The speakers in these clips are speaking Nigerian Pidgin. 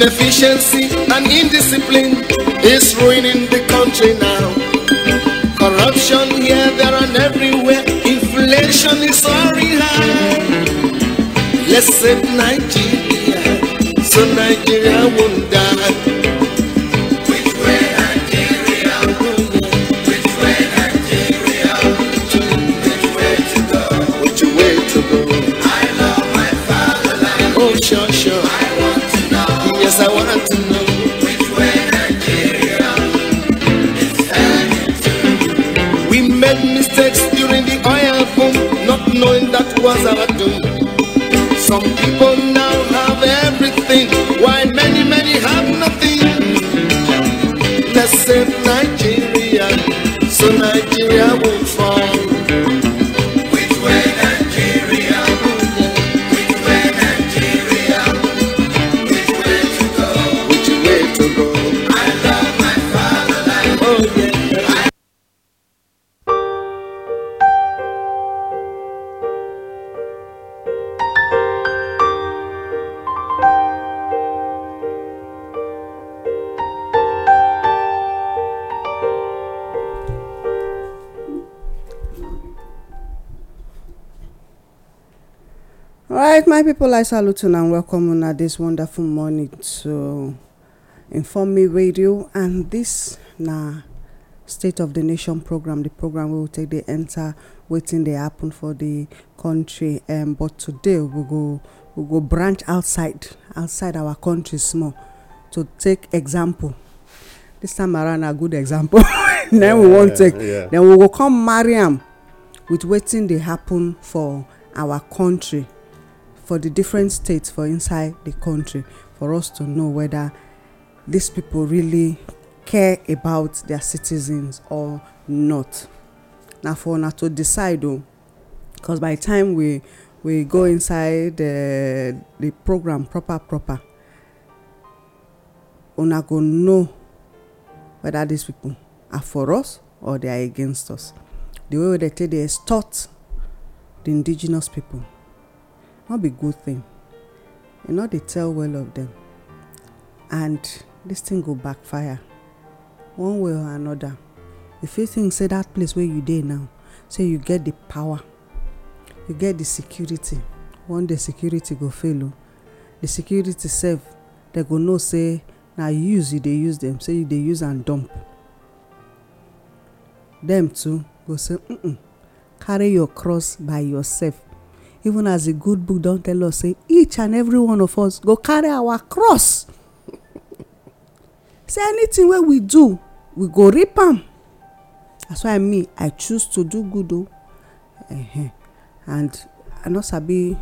Inefficiency and indiscipline is ruining the country now. Corruption here, there, and everywhere. Inflation is very high. Let's save Nigeria so Nigeria won't die. people now. Have like salute and welcome on at this wonderful morning to inform me radio and this na state of the nation program the program we will take the enter waiting they happen for the country um, but today we go we go branch outside outside our country small to take example this time around a good example Then yeah, we won't yeah, take yeah. then we will come Mariam, with waiting they happen for our country for the different states for inside the country for us to know whether these people really care about their citizens or not na for una to decide o because by the time we we go inside the eh, the program proper proper una go know whether these people are for us or they are against us the way wey dey take dey extort the indigenous people no be good thing you no dey tell well of them, and this thing go backfire one way or another you fit think say that place where you dey now say you get the power you get the security one day security go fail o The security sef dem go know say na use you dey use them. say you dey use am dump Them too go say carry your cross by yourself even as the good book don tell us say each and every one of us go carry our cross say anything wey we do we go reap am that's why me i choose to do good o uh -huh. and i no sabi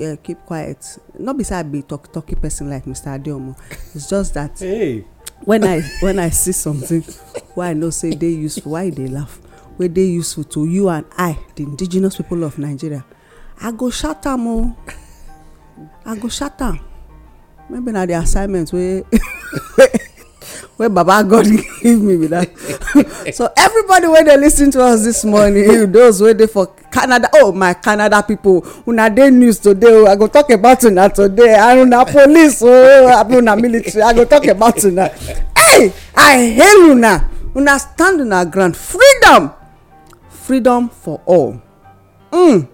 uh, keep quiet no be say i be talk talky person like mr adeomo it's just that hey. when i when i see something wey i know say dey useful why you dey laugh wey dey useful to you and i the indigenous people of nigeria i go shout am o i go shout am maybe na the assignment wey wey baba god give me be that so everybody wey dey lis ten to us this morning those wey dey for canada oh my canada people una dey news today o oh. i go talk about una today and una police oh, o abi una military i go talk about una hey i hail una una stand una ground freedom freedom for all. Mm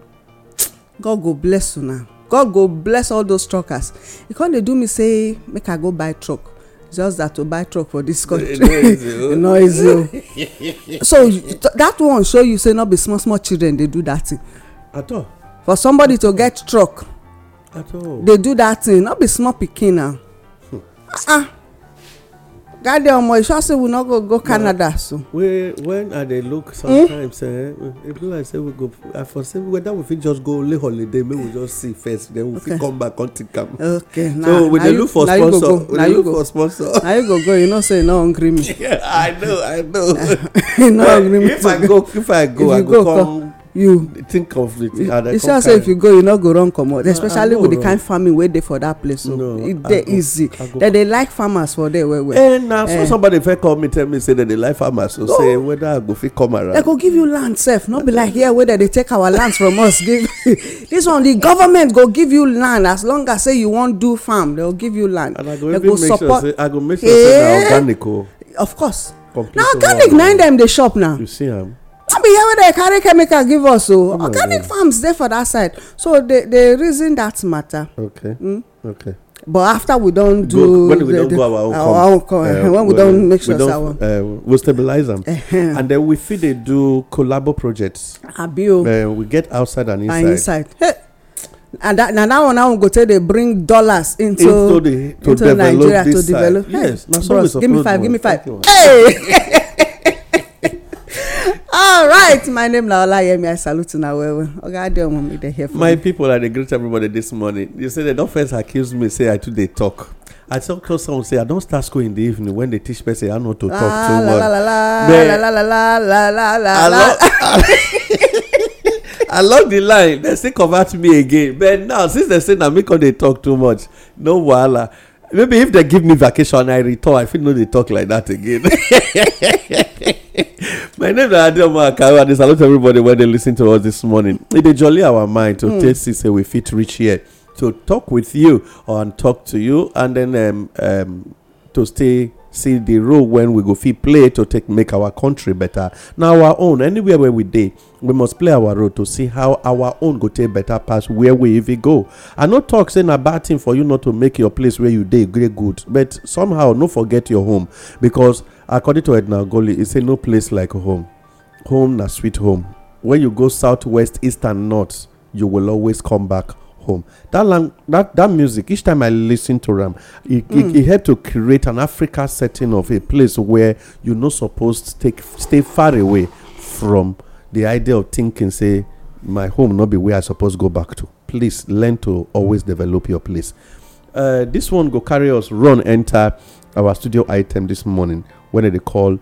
god go bless una god go bless all those truckers e come dey do me say make i go buy truck just that to buy truck for this country e no easy o so that one show you say no be small small children dey do that thing at all for somebody to get truck at all dey do that thing no be small pikin na hmm. ah ah gade omo e sure say we no go go canada soon when i dey look hmm? sometimes eh e be like say we go i for say whether we fit just go lay holiday make we just see first then we fit come back come think am okay so we dey look for sponsor we dey look for sponsor na you go go you know say you no hungry me Yeah, i know i know you no hungry me too. if i go if i go i go come you think of it and i you see say if you go you no go run comot especially with the kind farming wey dey for that place so it dey easy dem dey like farmers for there well well eh na so eh. somebody fit call me tell me say dem dey like farmers so say whether i go fit come around dem go give you land sef no be like here wey dem dey take our land from us give this one the government go give you land as long as say you wan do farm dem go give you land dem go support and i go make sure say na eh, organic o oh. of course na organic na oh. im dem dey shop now you see am no be here wey dem carry chemical give us o oh. oh, organic farms dey for that side so dey reason that matter mm. okay. but after we don do when we don do our own com uh, when we don make sure our own uh, we stabilize am and then we fit dey do collabo projects abio oh. uh, we get outside and inside and and na that one now go take dey bring dollars into into nigeria to develop yes give me five give me five hey right my name na olayemi i salute una well well oga adeomu make dem hear from my people i dey greet everybody this morning you say they don't first accuse me say i too they talk i talk to someone say i don't start school in the evening when they teach say I not to talk ah, too much La la la la la la la la la. but along the line They still convert me again but now since they say na me come dey talk too much no wahala maybe if they give me vacation i return i fit no dey talk like that again my name na adeoma akaru and i salute everybody wey dey listen to us this morning e dey jolly our mind to take see say we fit reach here to talk with you and talk to you and then um, um, to stay see the role when we go fit play to take make our country better na our own anywhere wey we dey we must play our role to see how our own go take better pass where we even go i no talk say na bad thing for you not to make your place where you dey great good but somehow no forget your home because according to edna Goli, e say no place like home home na sweet home when you go south west east and north you will always come back home. That lang- that that music, each time I listen to Ram, it, mm. it, it had to create an Africa setting of a place where you're not supposed to take stay far away from the idea of thinking, say, my home not be where I supposed to go back to. Please learn to always develop your place. Uh, this one go carry us run enter our studio item this morning when they call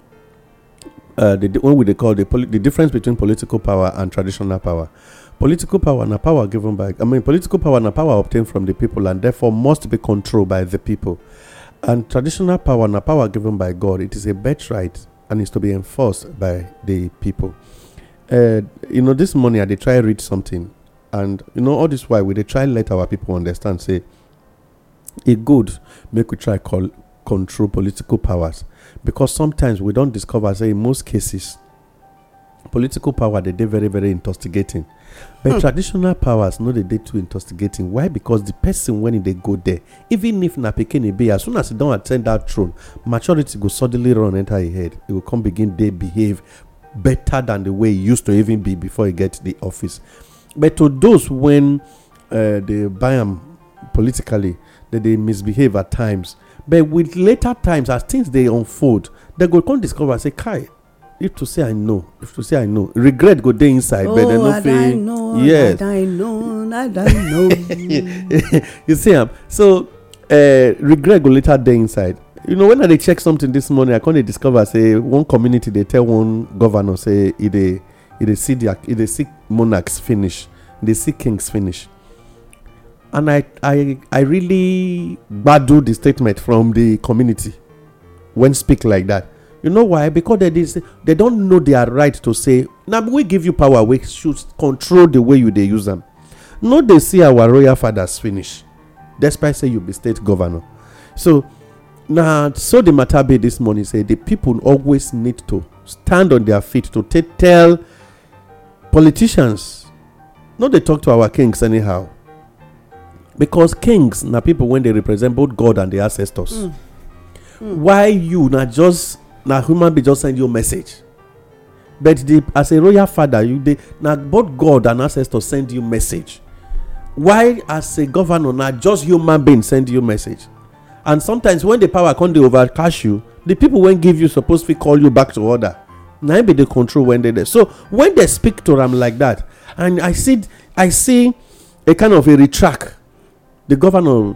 uh, the, when we they call the, poli- the difference between political power and traditional power. Political power and power given by, I mean, political power and power obtained from the people and therefore must be controlled by the people. And traditional power and power given by God, it is a birthright and is to be enforced by the people. Uh, you know, this morning I did try read something, and you know, all this why we they try let our people understand. Say, it good make we try call control political powers because sometimes we don't discover. Say, in most cases, political power dey dey very very intostigating but mm. traditional powers no dey dey too intostigating why because the person when e dey go there even if na pikin e be as soon as e don attend that throne maturity go suddenly run enter e head e go come begin dey behave better than the way e used to even be before e get the office but to those when uh, dey buy am politically they dey misbehave at times but with later times as things dey unfold they go come discover say kai if to say i know if to say i know regret go dey inside but dem oh, no fit yes i know i know you see am um, so eh, regret go later dey inside you know when i dey check something this morning i come dey discover say one community dey tell one governor say e dey see dey see monarchs finish dey see kings finish and i i i really gbadu the statement from the community when speak like that you know why because they didn't they don't know their right to say now we give you power we should control the way you they use them. no they see our royal fathers finish despite say you be state governor so now, so the matter be this morning say the people always need to stand on their feet to tell politicians no they talk to our kings anyhow because kings now people when they represent both god and the ancestors mm. mm. why you na just na human being just send you message but the as a royal father you dey na both god and ancestor send you message why as a governor na just human being send you message and sometimes when the power come dey over cash you the people wey give you suppose fit call you back to order na im be the control when dey there so when they speak to am like that and i see i see a kind of a retract the governor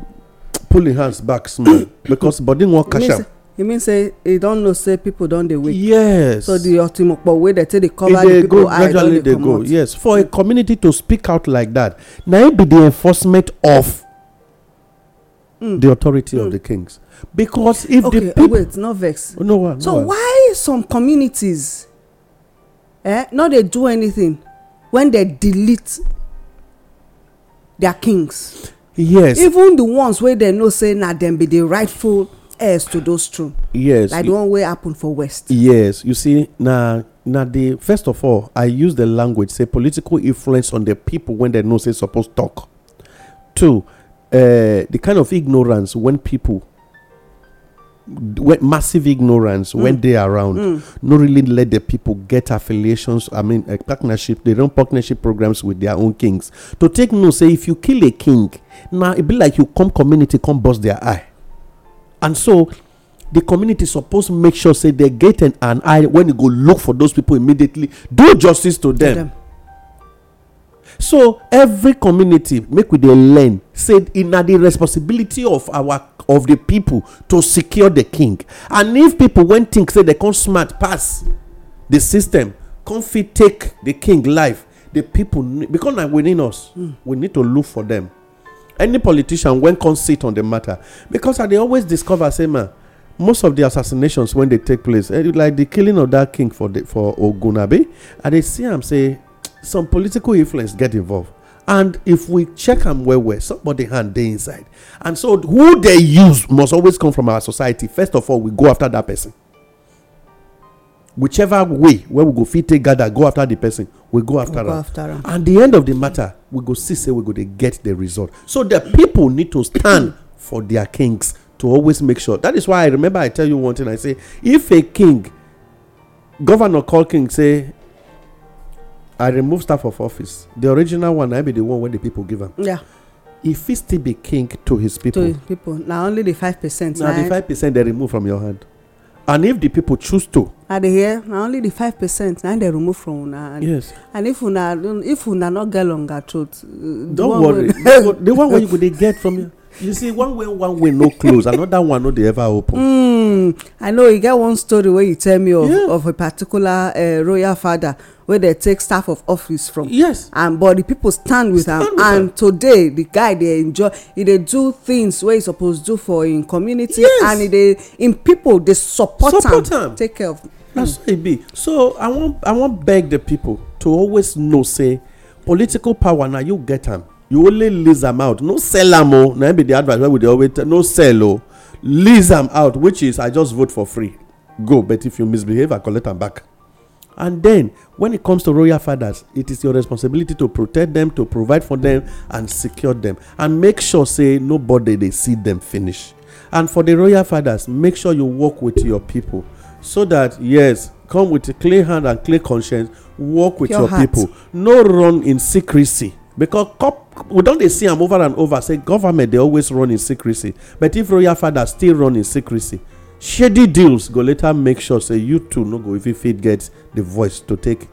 pull him hands back small because body wan catch am e mean say e don know say people don dey wait? yes so the otimokpo wey dey take dey cover di pipo eye don dey comot e dey go gradually dey go yes for a community to speak out like that, na it be the enforcement of hmm. the authority of hmm. the kings because if the people wait no vex oh, no one. so why some communities eh no dey do anything when they delete their kings yes even the ones wey dem know say na dem be the rightful heirs to those two yes like the one wey happen for west yes you see na na the first of all i use the language say political influence on the people when they know say suppose talk two uh, the kind of ignorance when people when massive ignorance mm. when they around mm. not really let the people get affiliations i mean a eh, partnership they run partnership programs with their own kings to take no say if you kill a king now nah, it be like you come community come bust their eye and so the community suppose make sure say they get an eye when you go look for those people immediately do justice to them so every community make we dey learn say e na di responsibility of our of the people to secure the king and if people wen think say they come smart pass the system come fit take the king life the people because na within us hmm. we need to look for them any politician when come sit on the matter because i dey always discover say man most of the assassinations when dey take place eh, like the killing of that king for for ogunabe i dey see am say some political influence get involved and if we check am well well somebody hand dey inside and so who dey use must always come from our society first of all we go after that person whichever way wey we go fit take gather go after the person we go after Go after am and the end of the matter we go see say we go dey get the result so the people need to stand for their kings to always make sure that is why i remember i tell you one thing i say if a king governor call king say i remove staff of office the original one na be the one wey the people give am yeah e fit still be king to his people to his people now only the five percent Now the five percent they remove from your hand and if the people choose to i dey hear na only the five percent na dey remove from una yes and if una if una no get longer throat uh, don't worry the one wey you go dey get from you see one way one way no close another one no dey ever open mm, i know you e get one story wey you tell me of of a particular uh, royal father wey dem take staff of office from yes and but the people stand with Stand am and today the guy dey enjoy e dey do things wey e suppose do for im community Yes. and e dey im pipo dey support am take care of na so e be so i wan beg the people to always know say political power na you get am you only lease am out no sell am o oh. na be the advice wey we dey always tell no sell o oh. lease am out which is i just vote for free go but if you misbehave i collect am back And then, when it comes to royal fathers, it is your responsibility to protect them, to provide for them, and secure them, and make sure say nobody they see them finish. And for the royal fathers, make sure you work with your people, so that yes, come with a clear hand and clear conscience. Work with your, your people. No run in secrecy. because cop we don dey see am over and over say government dey always run in secrecy but if royal fathers still run in secrecy shady deals go later make sure say you too no go if you fit get the voice to take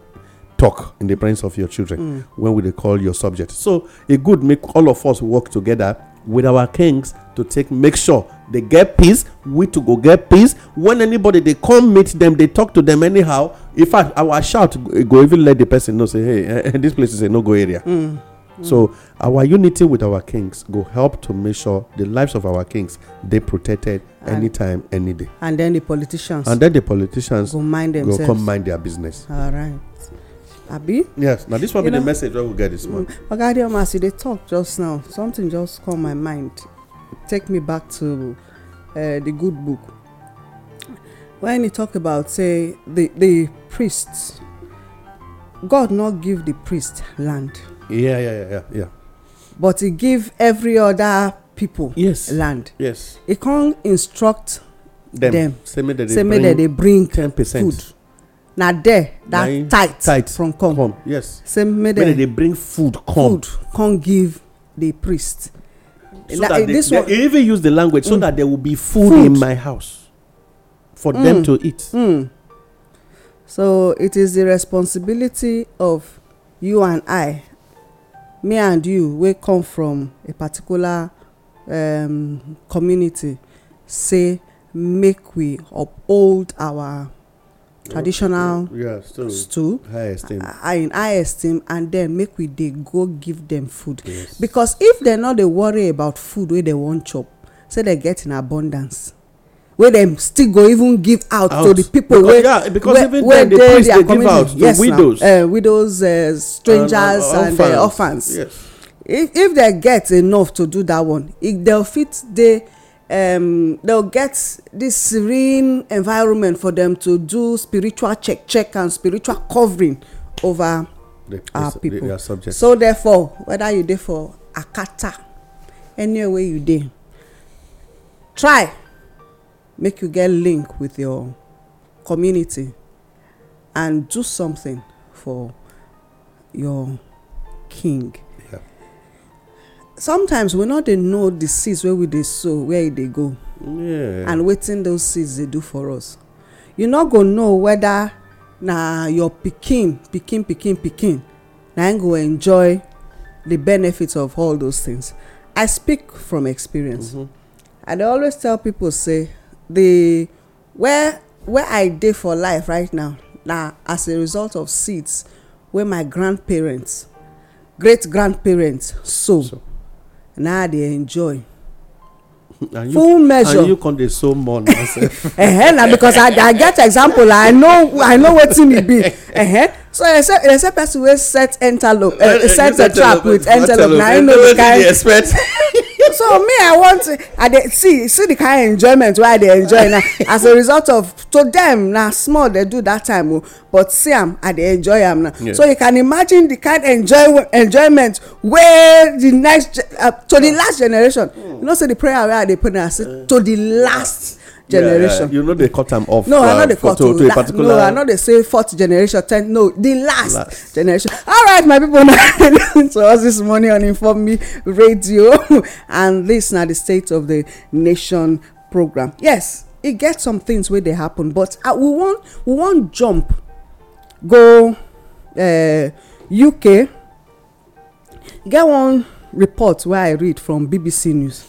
talk in the presence of your children mm. when we they call your subject so it e good make all of us work together with our kings to take make sure they get peace we to go get peace when anybody they come meet them, they talk to them anyhow in fact our shout go even let the person know say hey this place is a no go area mm. Mm. So our unity with our kings go help to make sure the lives of our kings they protected and anytime, any day. And then the politicians. And then the politicians go mind themselves. Go come mind their business. All right. Abi? Yes. Now this will be know, the message that we get this morning. Mm, Ogadio as they talk just now, something just come my mind. Take me back to uh, the good book. When he talk about say the the priests, God not give the priest land. Yeah, yeah, yeah, yeah. But he give every other people yes. land. Yes. He can't instruct them. them. Say me that they, Say bring, they bring 10%. Food. na there that tight, tight from come. come yes say make they dey bring food come food come give the priest. so that, that they, this one even use the language mm. so that there will be food, food. in my house for mm. them to eat. Mm. so it is the responsibility of you and i me and you wey come from a particular um, community say make we uphold our traditional yeah, stew high esteem. Uh, in high esteem and then make we dey go give them food yes. because if dem no dey worry about food wey they wan chop say they get in abundance wey dem still go even give out, out. to di pipo wey wey dey dia community yes widows. uh, widows uh, strangers and, uh, orphans. and uh, orphans. Yes. if if dem get enough to do that one dem fit dey um, they'll get this serene environment for them to do spiritual check check and spiritual covering over the, our people the, so therefore whether you dey for akata anywhere you dey try make you get link with your community and do something for your king yeah. sometimes we no dey know the seeds wey we dey sow where e dey go yeah. and wetin those seeds dey do for us you no go know whether na your pikin pikin pikin pikin na im go enjoy the benefits of all those things i speak from experience mm -hmm. i dey always tell people say the where where i dey for life right now na as a result of seeds wey my grandparents great grandparents sow na i dey enjoy full measure and you come dey sow more na sef na because i i get example i know i know wetin e be so they e say person wey set antelope eh, eh, eh, set a trap with antelope na i know the kind so me i want i dey see see the kind enjoyment wey i dey enjoy now as a result of to them na small dey do that time o oh. but see am i dey enjoy am now so you can imagine the kind enjoy enjoyment wey the next uh, to the last generation hmm. you know say the prayer wey i dey pray na to the last generation you know they cut them off no i no dey uh, cut to to a particular no i no dey say fourth generation tenth no the last generation all right my people na listening to us this morning on inform me radio and this na the state of the nation program yes e get some things wey dey happen but uh, we wan we wan jump go uk uh, get one report wey i read from bbc news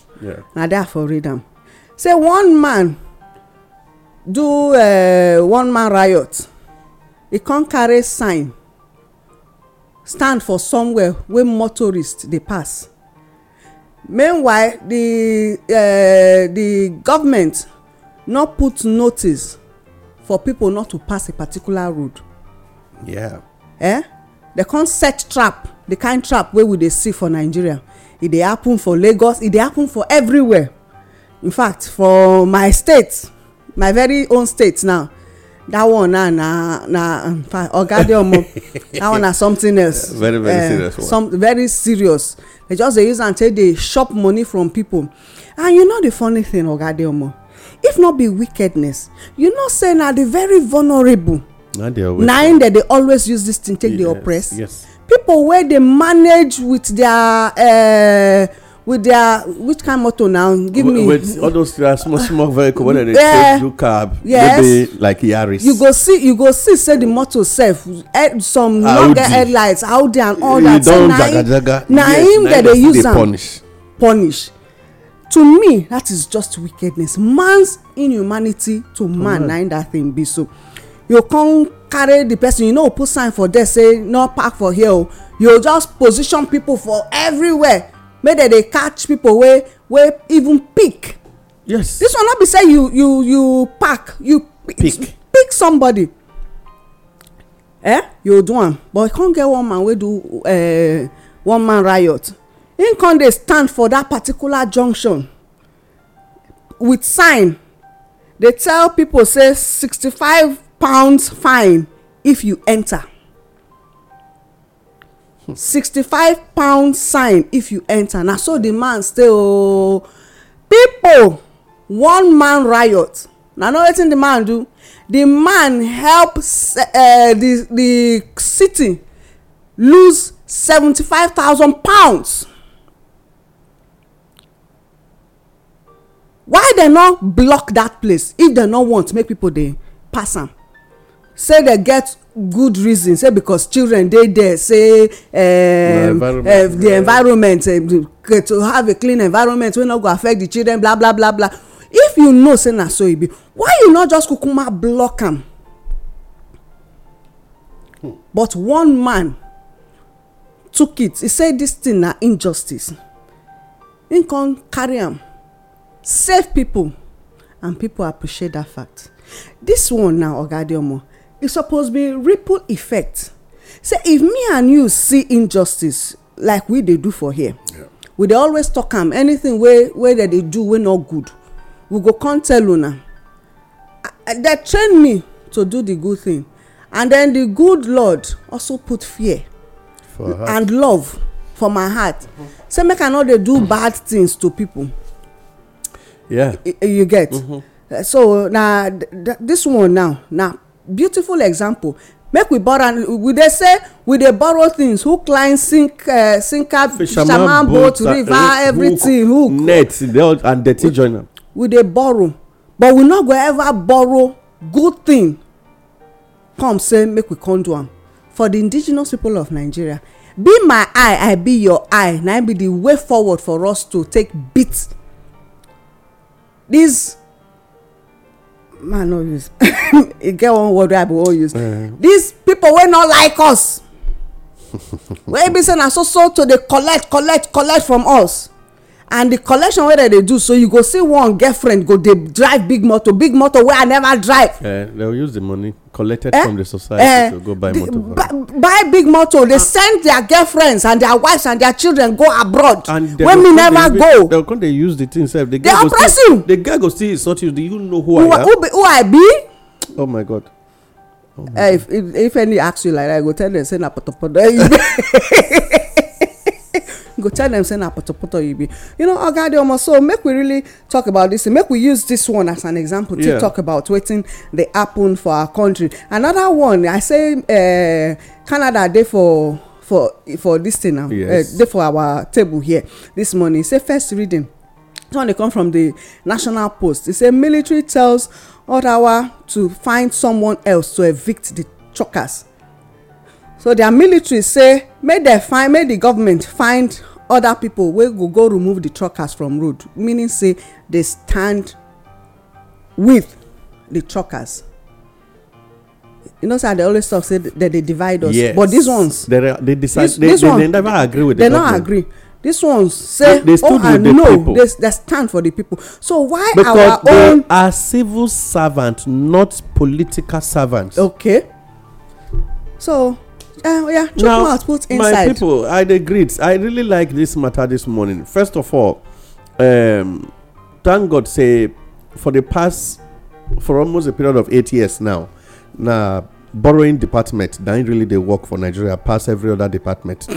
na there for read am say one man do eh, one man riot e come carry sign stand for somewhere wey motorists dey pass meanwhile di eh, the government no put notice for people not to pass a particular road yeah eh dem come set trap di kind trap wey we dey see for nigeria e dey happen for lagos e dey happen for everywhere in fact for my state my very own state now that one now na na ogade um, omo that one na something else very very eh, serious one some very serious they just dey use am take dey chop money from people and you know the funny thing ogade omo if not be wickedness you know say na the very vulnerable na im dem dey always use this thing take dey oppress yes people wey dey manage with their uh, with their which kind motor now give me With all those small small vehicle wey dem dey take do cab yes no like yaris you go see you go see say the motor sef eh, some ah, longer get headlights audi and all that so na him dem dey use am punish to me that is just wickedness man's inhumanity to man na that thing be so you come carry the person you know, put sign for there say no park for here o oh. you just position people for everywhere make dem dey catch people wey wey even pick yes This one no be say you you you pack you pick pick somebody eh you do am but e con get one man wey do uh, one man riot him con dey stand for that particular junction with sign dey tell people say sixty-five pounds fine if you enter sixty five pound sign if you enter na so the man stay ooo oh. people, one man riot na know wetin the man do the man help uh, the the city lose seventy five thousand pounds why dem no block dat place if dem no want make people dey pass am say dem get good reason say because children dey there say um, eh, the environment eh, to have a clean environment wey no go affect the children bla bla bla bla if you know say na so e be why you not just kukuma block am but one man took it He say this thing na injustice im come carry am save people and people appreciate that fact This one na oga adeomo e suppose be ripple effect say if me and you see injustice like we dey do for here we dey always talk am anything wey wey dem dey do wey no good we go come tell una dem train me to do the good thing and then the good lord also put fear and love for my heart say make i no dey do bad things to people yeah you get mm-hmm. so na this one now na beautiful example make we borrow and we dey say we dey borrow things hook line sink uh, sinker fisherman boat river uh, everything hook, hook net and dirty join am. we dey borrow but we no go ever borrow good thing come say make we come do am for the indigenous people of nigeria be my eye i be your eye na be the way forward for us to take beat These man no use e get one word wey i be wan use eh. these people wey no like us wey be say na so so to dey collect collect collect from us and the collection wey dem dey do so you go see one girlfriend go dey drive big motor big motor wey i never drive eh, They dem use the money collected from the eh, society eh, to go buy motor buy big motor dey ah. send their girlfriends and their wives and their children go abroad wey me never go dem con dey use the thing sef the oppress you. the guy go still insult you do you know who i am who i be oh my god oh if if any ask you like that i go tell them say na potopoto go tell dem say na potopoto you be you know oga adeomo so make we really talk about dis make we use this one as an example to talk about wetin dey happen for our country another one i say eh, canada dey for for for this thing now eh, dey for our table here this morning say first reading this one dey come from the national post e say military tells ottawa to find someone else to evict the truckers so their military say make dem find make the government find other people, wey go go remove the truckers from road meaning say they stand with the truckers you know say i dey always talk say dem dey divide us yes but these ones they decide they they never agree with the government they no agree these ones say they oh i know they stand for the people. so why our own because they are civil servants not political servants okay so Uh, yeah, now, inside. My people, I agree. I really like this matter this morning. First of all, um, thank God, say, for the past, for almost a period of eight years now, now borrowing department, then really they work for Nigeria, pass every other department.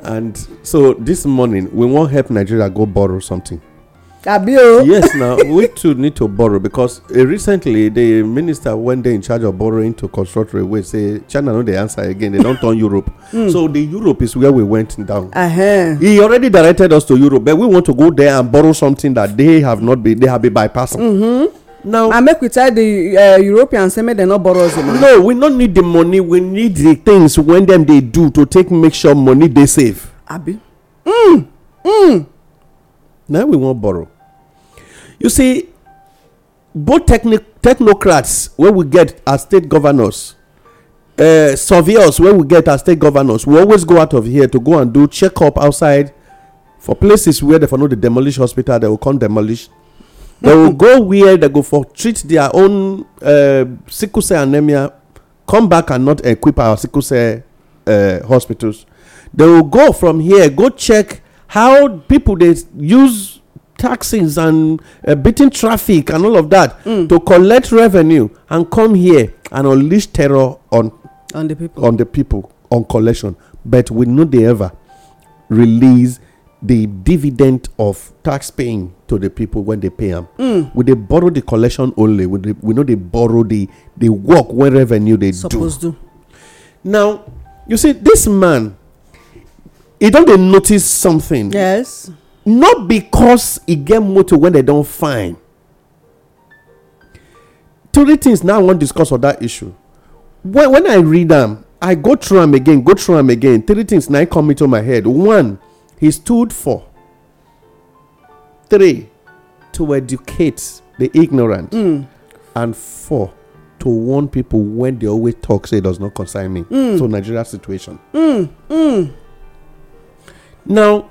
and so this morning, we won't help Nigeria go borrow something. Abio. yes, now we too need to borrow because uh, recently the minister when they in charge of borrowing to construct railway say China no dey answer again they don turn Europe. Mm. So the Europe is where we went down. Uh-huh. He already directed us to Europe but we want to go there and borrow something that they have not been they have been bypassing. Mm-hmm. now and make we tell the uh, europeans say make dem no borrow us the money. no we no need the money we need the things wey dem dey do to take make sure money dey safe. abi. Mm, mm. Now we wan borrow. You see, both technocrats wey we get as state governors uh, surveyors wey we get as state governors we always go out of here to go and do check up outside for places where dem for no dey demolish hospital they go come demolish They go mm-hmm. go where they go for treat their own uh, sickle cell anemia come back and not equip our sickle cell uh, hospitals They go go from here go check how people dey use taxes and uh, beating traffic and all of that mm. to collect revenue and come here and unleash terror on on the people on the people on collection but we know they ever release the dividend of tax paying to the people when they pay them. Mm. Would they borrow the collection only? Would they, we know they borrow the the work when revenue they Supposed do. To. Now you see this man, he don't they notice something? Yes not because e get motor wey dem don find three things now i wan discuss on that issue when when i read am i go through am again go through am again three things now come into my head one he stood for three to educate the ignorant mm. and four to warn people when they always talk say it does not concern me mm. so nigeria situation mm, now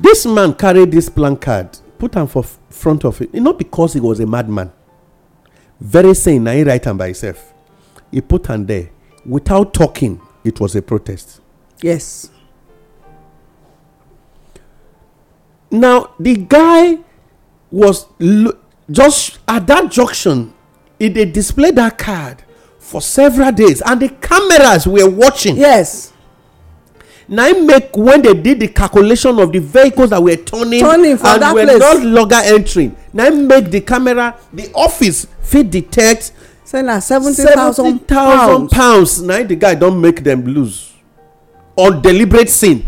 This man carried this placard put am for front of him not because he was a madman very sane na he write am by himself he put am there without talking it was a protest yes now the guy was just at that junction e dey display dat card for several days and the cameras were watching yes na im make when they did the calculation of the vehicles that were turning, turning and were place. not longer entering na im make the camera the office fit detect say na seventy thousand pounds pounds na the guy don make them lose on deliberate sin.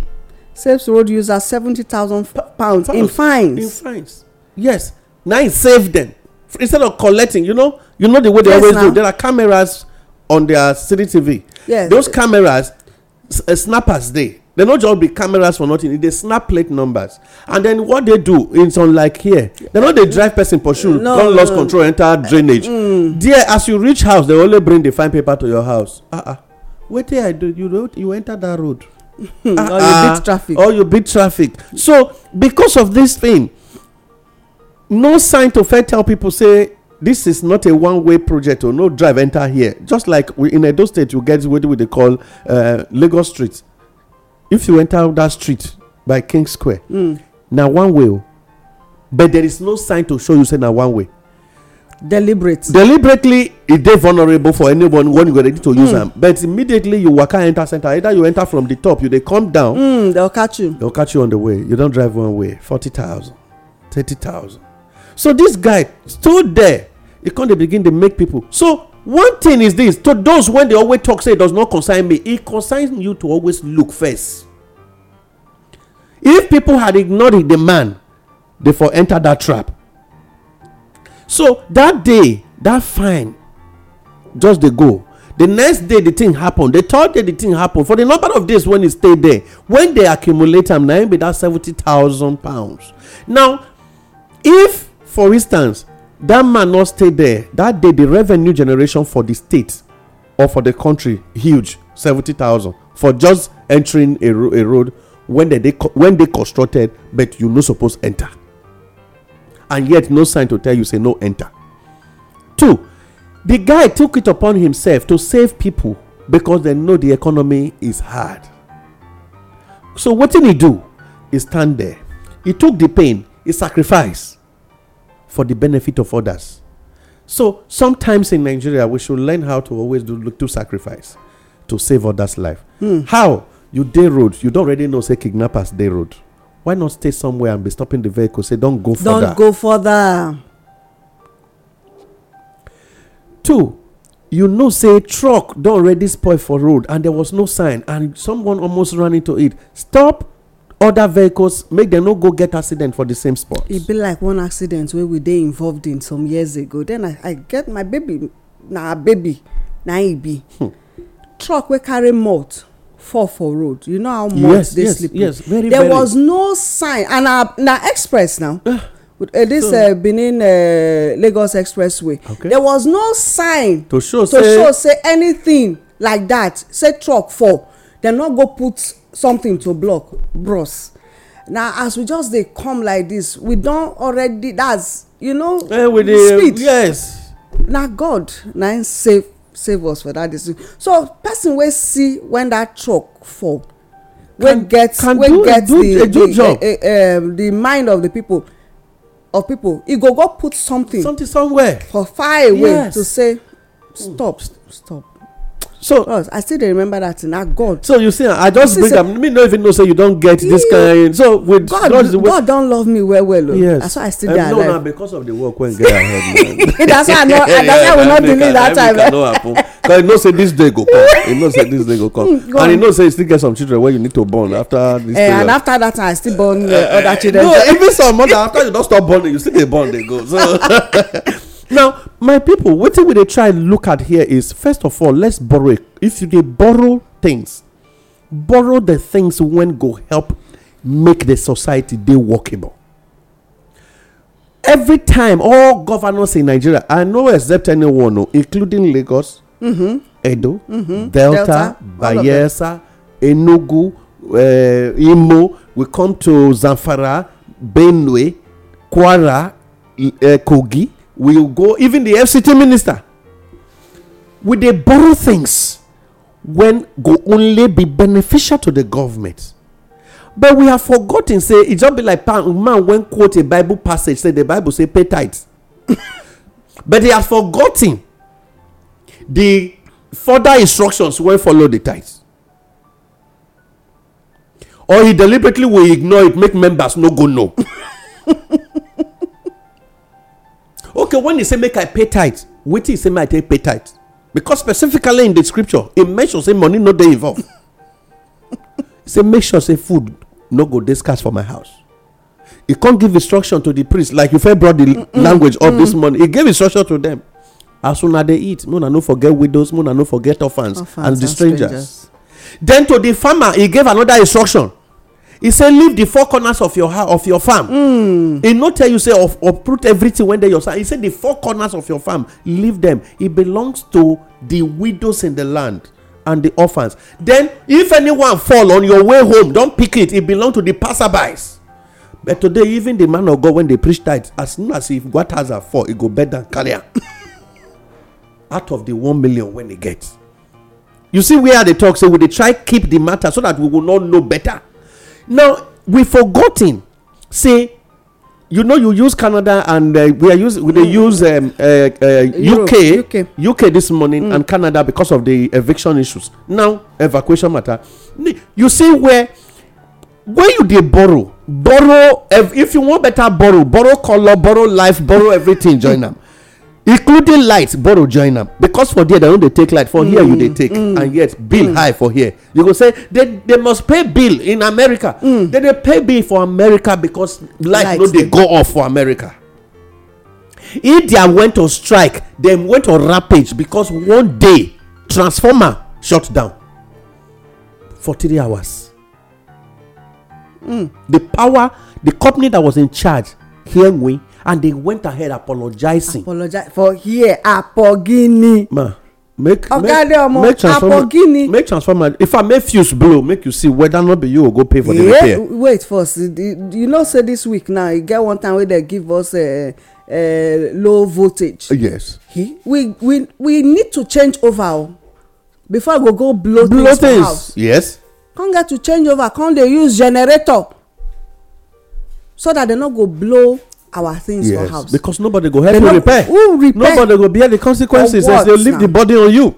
saves road users seventy thousand pounds in fines. in fines yes na im save them instead of collecting you know you know the way they yes, always now. do there are cameras on their CCTV. tv. yes those cameras A eh, snappers dey They no just be cameras for nothing dey snap plate numbers and then what they do in unlike here They no dey drive person pursue don lost control enter eh, drainage mm. there as you reach house they only bring the fine paper to your house ah ah wetin i do you you enter that road Ah ah. Or you ah, beat ah. traffic. or you beat traffic so because of this thing no sign to fair tell people say this is not a one way project or oh, no drive enter here just like we in edo state you get what they call uh, lagos street if you enter that street by king square mm. na one way o oh. but there is no sign to show you say na one way. deliberate. deliberately e dey vulnerable for anyone when you go ready to use hmm. am but immediately you waka enter center either you enter from the top you dey come down. Mm, they'll catch you. they'll catch you on the way you don drive one way forty thousand thirty thousand so this guy stood there e come dey begin dey make people so one thing is this to those when dey always talk say it does not concern me e concern you to always look first if people had ignored the man they for enter that trap so that day that fine just dey go the next day the thing happen the third day the thing happen for the number of days when e stay there when they accumulate am na im be that seventy thousand pounds now if for instance That man not stay there That day the revenue generation for the state or for the country huge 70000 for just entering a a road when they constructed but you no to enter and yet no sign to tell you say no enter two the guy took it upon himself to save people because they know the economy is hard so what did he do He stand there He took the pain He sacrifice for the benefit of others. So sometimes in Nigeria, we should learn how to always do look to sacrifice to save others' life. Hmm. How? You day road, you don't already know, say kidnappers day road. Why not stay somewhere and be stopping the vehicle? Say, don't go further. Don't go further. Two, you know say truck don't read already spoil for road and there was no sign and someone almost ran into it stop other vehicles make them no go get accident for the same spot. e be like one accident wey we dey involved in some years ago then i i get my baby na baby na e be hmm. truck wey carry malt fall for road you know how malt dey slippery yes yes very very there was no sign and na na express now ah, eh, this eh, benin eh, lagos expressway there was no sign to show say to show say anything like that say truck fall dem no go put something to block bros na as we just dey come like this we don already that's you know eh, with the speed yes na god na him save save us for that decision so person wey see when that truck fall wey get wey get the the uh, uh, the mind of the people of people e go go put something something somewhere for far away yes. to say stop mm. stop so us oh, i still dey remember that thing na ah, god so you see i just bring am me no even know say you don get this kind so with god god don love me well well o oh. yes that's why i still dey alive no na because of the work wey get ahead man that's why i no that's why we no delay that time because you know say this day go come you know say this day go come and you know say you still get some children wey you need to born after this eh, period and after that time i still born uh, eh, eh, other children no even some mother after you don stop born you still dey born dey go so now my people wetin we dey try look at here is first of all let's borrow if you dey borrow things borrow the things when go help make the society dey workable every time all governors in nigeria i no except anyone o oh, including lagos mm-hmm. edo mm-hmm. delta bayelsa enugu eh, imo we come to zamfara benue kwara eh, kogi will go, even the FCT minister, will they borrow things when go only be beneficial to the government. But we have forgotten, say, it just be like man when quote a Bible passage, say the Bible say pay tithes. but they have forgotten the further instructions when follow the tithes. Or he deliberately will ignore it, make members no go know. okay when he say make i pay tithe wetin he say make i take pay tithe because specifically in the scripture he mention say money no dey involved say make sure say food no go dey scarce for my house He come give instruction to the priest like you first brought the mm -mm, language up mm. this morning he gave instruction to them as una dey eat una no forget widows una no forget orphans, orphans and the strangers. strangers then to the farmer he gave another instruction he say leave the four corners of your of your farm mm. he no tell you say of put everything wey dey your side he say the four corners of your farm leave them it belongs to the widows in the land and the orphans then if anyone fall on your way home don pick it it belong to the passerbys but today even the man of god when dey preach tithe as soon as if he guataza fall he go bend down carry am out of the one million wey he get you see where i dey talk say we dey try keep the matter so that we go not know better now we forgotten say you know you use canada and uh, we are using we dey mm. use uk um, uh, uh, uk this morning mm. and canada because of the eviction issues now evacuation matter you see where where you dey borrow borrow if you wan better borrow borrow colour borrow life borrow everything join am including light borrow join am because for there they no dey take light for here you dey mm, take mm. and yet bill mm. high for here you go say they they must pay bill in america they dey pay bill for america because light no dey go off for america india went on strike dem went on rampage because one day transformer shut down for three hours the power the company that was in charge hear we and they went ahead apologizing. apologize for here apogini. ma make make make transformer apogini. make transformer if i make fuse blow make you see whether not be you go pay for the repair. wait first you know say this week now e get one time wey dey give us. Uh, uh, low voltage. Uh, yes. He? we we we need to change over o oh. before i go go blow, blow things, things for house. yes. come get to change over come dey use generator so that dem no go blow our things yes, for house. because nobody go help you repair. who repair nobody go bear the consequences as they leave the body on you.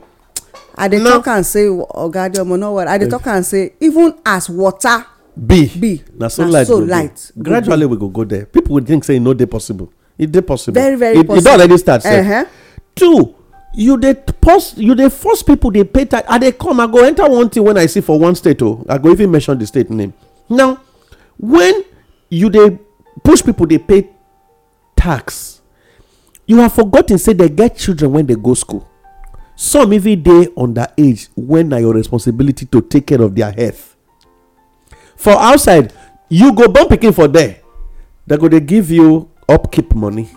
i dey talk am say oga adeomo no worry i dey talk am say even as water. be be na so light go light go gradually we go go there people would think say e no dey possible e dey possible very very it, possible e don already start sef uh -huh. two you dey post you dey force people dey pay tax i dey come i go enter one thing when i see for one state oh i go even mention the state name now when you dey push people dey pay tax you have forgotten say they get children when they go school some even dey underage when na your responsibility to take care of their health for outside you go born pikin for there They go dey give you upkeep money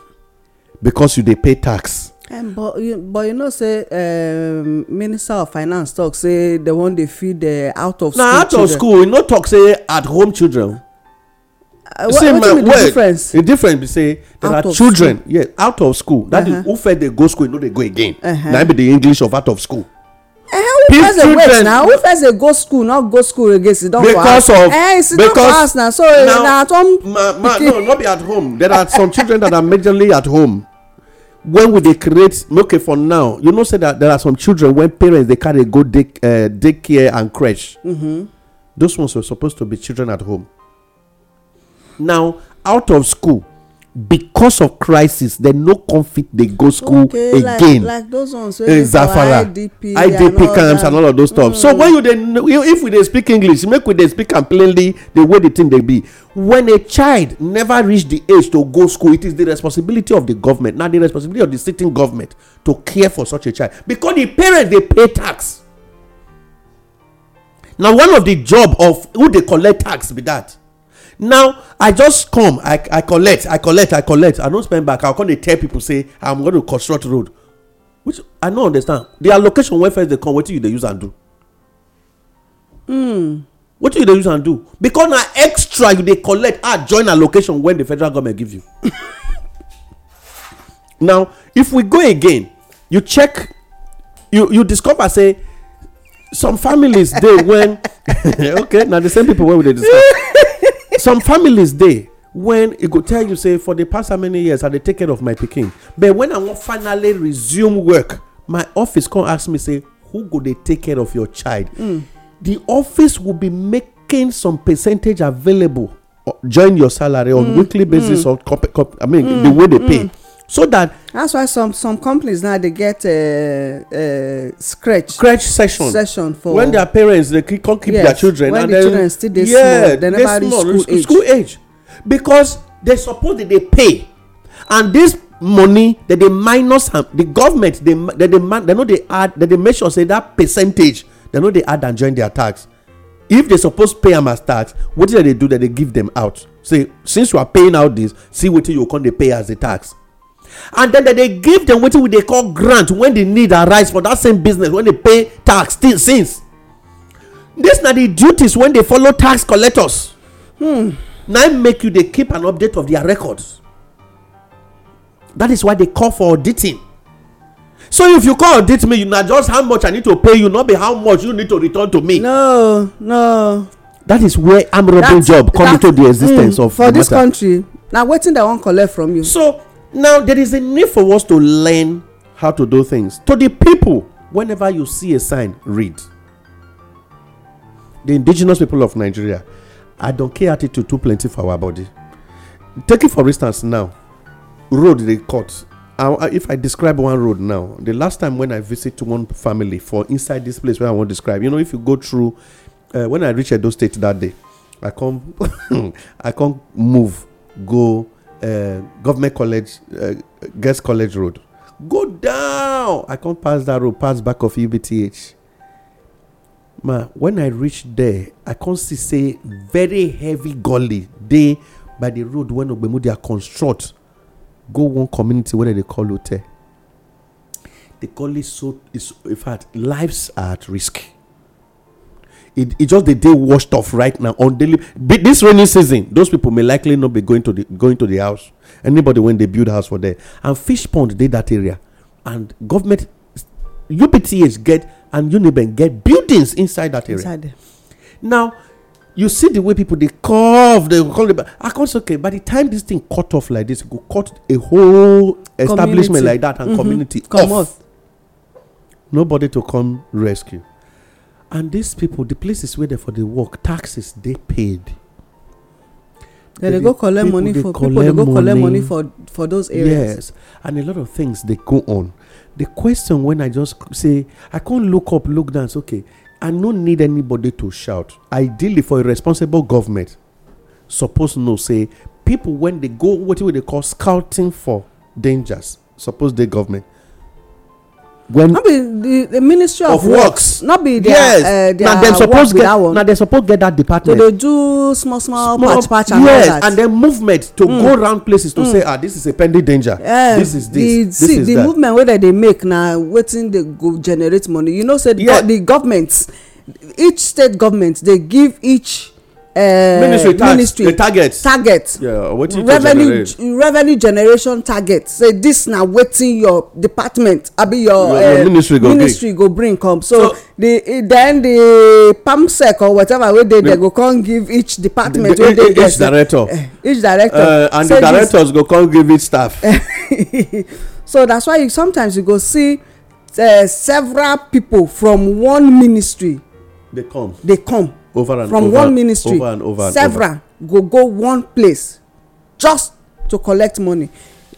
because you dey pay tax but you but you know say um, minister of finance talk say they wan dey feed uh, out of school children na out of school e no talk say at home children same man well the difference be say there are children yes out of school that is uh-huh. who first they go school no they go again uh-huh. na be the english of out of school eh, who first they wait na who first dey go school not go school again sit down for house eh sit down for house na so na at home ma no not be at home there are some children that are majorly at home when will they create okay for now you know say that there are some children when parents they carry go day eh, daycare and creche mm-hmm. those ones were supposed to be children at home now out of school because of crisis dem no come fit dey go school okay, again like, like those ones wey zafara idp, IDP camps and all of those stuff mm. so hmm. when you dey if we dey speak english make we dey speak am plainly the way the thing dey be when a child never reach the age to go school it is the responsibility of the government na the responsibility of the sitting government to care for such a child because the parents dey pay tax na one of the job of who dey collect tax be that now i just come i i collect i collect i collect i no spend back i come dey tell people say i'm going to construct road which i no understand the allocation wey first dey come wetin you dey use am do mm. wetin you dey use am do because na extra you dey collect add ah, join allocation wey the federal government give you now if we go again you check you you discover say some families dey when okay na the same people wey we dey discuss some families dey when e go tell you say for the past how many years i dey take care of my pikin but when i wan finally resume work my office come ask me say who go dey take care of your child mm. the office will be making some percentage available uh, join your salary on mm. weekly basis mm. or i mean the way they pay so that. that's why some some companies now dey get uh, uh, scratch. scratch session session for when their parents dey keep come keep yes, their children. when the children still dey yeah, small they never reach small, school age school age because they suppose dey dey pay and this money they dey minus am the government dey dey dey they no dey add they dey make sure say that percentage they no dey add and join their tax if they suppose pay am as tax wetin they dey do they dey give them out say since you are paying out this see wetin you come dey pay as the tax and then they dey give them wetin we dey call grant when the need arise for that same business when they pay tax still since this na the duties when they follow tax collectors hmm na im make you dey keep an update of their records that is why they call for auditing so if you call audit me na just how much i need to pay you not be how much you need to return to me no no that is where honourable job come into di hmm, existence of di matter for this country na wetin dem wan collect from you so Now, there is a need for us to learn how to do things. To the people, whenever you see a sign, read. The indigenous people of Nigeria, I don't care attitude too plenty for our body. Take it for instance now, road they cut. I, if I describe one road now, the last time when I visit one family for inside this place where I want to describe, you know, if you go through, uh, when I reach Edo State that day, I can't, I can't move, go Uh, government college, uh, girls college road. Go down. I can't pass that road. Pass back of UBTH. Ma, when I reach there, I can't see say very heavy gully They by the road when Ogbemudi are construct. Go one community where they call hotel. The gully so is in fact lives are at risk it, it just the day washed off right now on daily but this rainy season those people may likely not be going to the going to the house anybody when they build house for there and fish pond did that area and government upth get and uniben get buildings inside that area inside. now you see the way people they curve dey call it i can't say okay by the time this thing cut off like this go cut a whole establishment like that and mm-hmm. community Come off. off nobody to come rescue And these people, the places where they for the work, taxes they paid. Yeah, they, they go collect money for collect people. They go collect money for for those areas. Yes, and a lot of things they go on. The question when I just say I can't look up, look down. It's okay. I don't need anybody to shout. Ideally, for a responsible government, suppose no say people when they go what they call scouting for dangers. Suppose the government when no be the the ministry of, of works, works no be their yes. uh, their now them suppose get now them suppose get that department they dey do small small, small patch patch and all that yes and then movement to mm. go round places to mm. say ah this is a pending danger yeah. this is this the, this see, is the the movement wey dem dey make na wetin dey go generate money you know say yeah. the government each state government dey give each Eh, ministry, tax, ministry target eh, target yeah, revenue generate? revenue generation target say this na wetin your department abi your, your, eh, your ministry, go, ministry go bring come so, so the then the pamsec or whatever wey dey there go come give each department wey dey there each director uh, each director uh, and the directors go come give each staff so that's why you, sometimes you go see uh, several people from one ministry dey come dey come over and from over, one ministry over and over and several go go one place just to collect money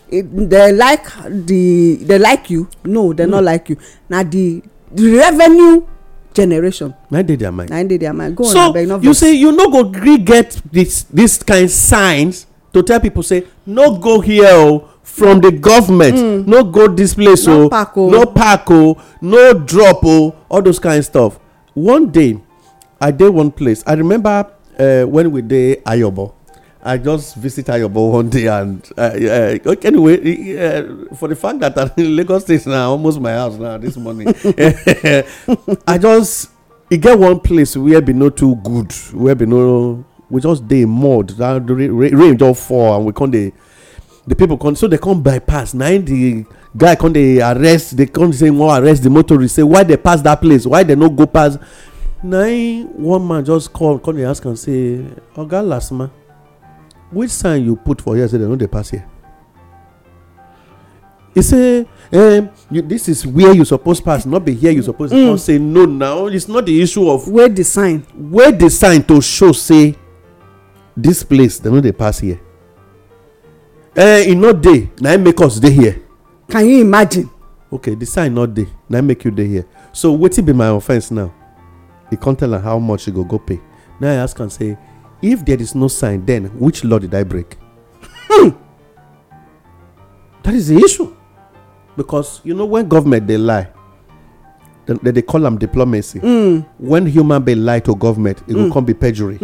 they like the they like you no they no like you na the revenue generation na dey their mind na dey their mind go on abeg no vex so you say you no go gree get this this kind signs to tell people say no go here o oh, from the government hmm. no go this place o oh. oh. no park o no drop o all those kind stuff one day i dey one place i remember uh, when we dey ayobo i just visit ayobo one day and uh, anyway for the fact that i'm in lagos state now almost my house now this morning i just e get one place where be no too good where be no we just day mud that rain just fall and we come the the people come so they come bypass na the guy come they arrest they come say wan arrest the motorist say why they pass that place why they no go pass na one man just call come dey ask am say oga lasma which sign you put for here say dem no dey pass here He say um, you, this is where you suppose pass not be here you suppose mm. come say no now it's not the issue of. where the sign. where the sign to show say this place dem no dey pass here Eh, e no dey na im make us dey here. can you imagine. okay the sign no dey na im make you dey here so wetin be my offence now he can't tell her how much she go go pay now i ask am say if there is no sign then which law did i break hmm. that is the issue because you know when government dey lie dem dey call am diplomacy hmm. when human being lie to government e go hmm. come be perjury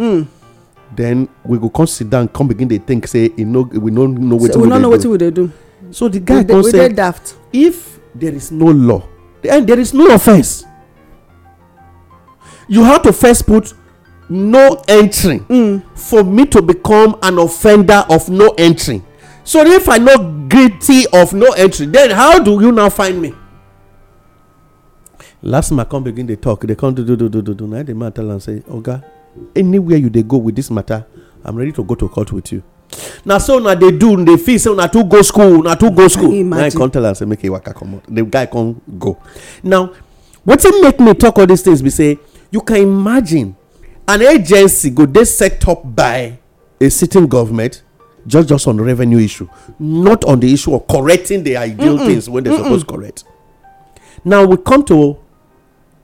then we go come sit down come begin dey think say we no know wetin we know dey do so the guy come say if there is no law there is no offence you have to first put no entry mm. for me to become an offender of no entry so if i no guilty of no entry then how do you now find me. last time i come begin dey talk dey come do do do do do do na the man tell am say oga anywhere you dey go with this matter i'm ready to go to court with you na so una dey do dey feel say una too go school una too go school na i come tell am say make e waka comot the guy come go now wetin make me talk all these things be say you can imagine an agency go dey set up by a sitting government just just on revenue issue not on the issue of correcting the ideal mm -mm. things when they suppose correct now we come to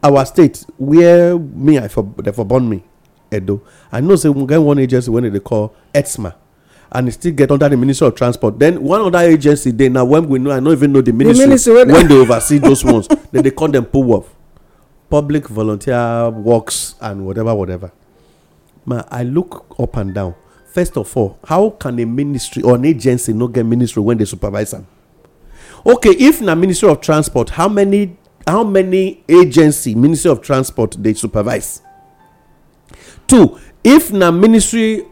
our state where me i for they for born me edo i know say we get one agency wey they call etsma and e still get under the ministry of transport then one other agency dey na when we know i no even know the ministry ministry when they oversee those ones then they call them pull public volunteer works and whatever, whatever. Man, I look up and down. First of all, how can a ministry or an agency not get ministry when they supervise them? Okay, if na Ministry of Transport, how many how many agency Ministry of Transport they supervise? Two, if na Ministry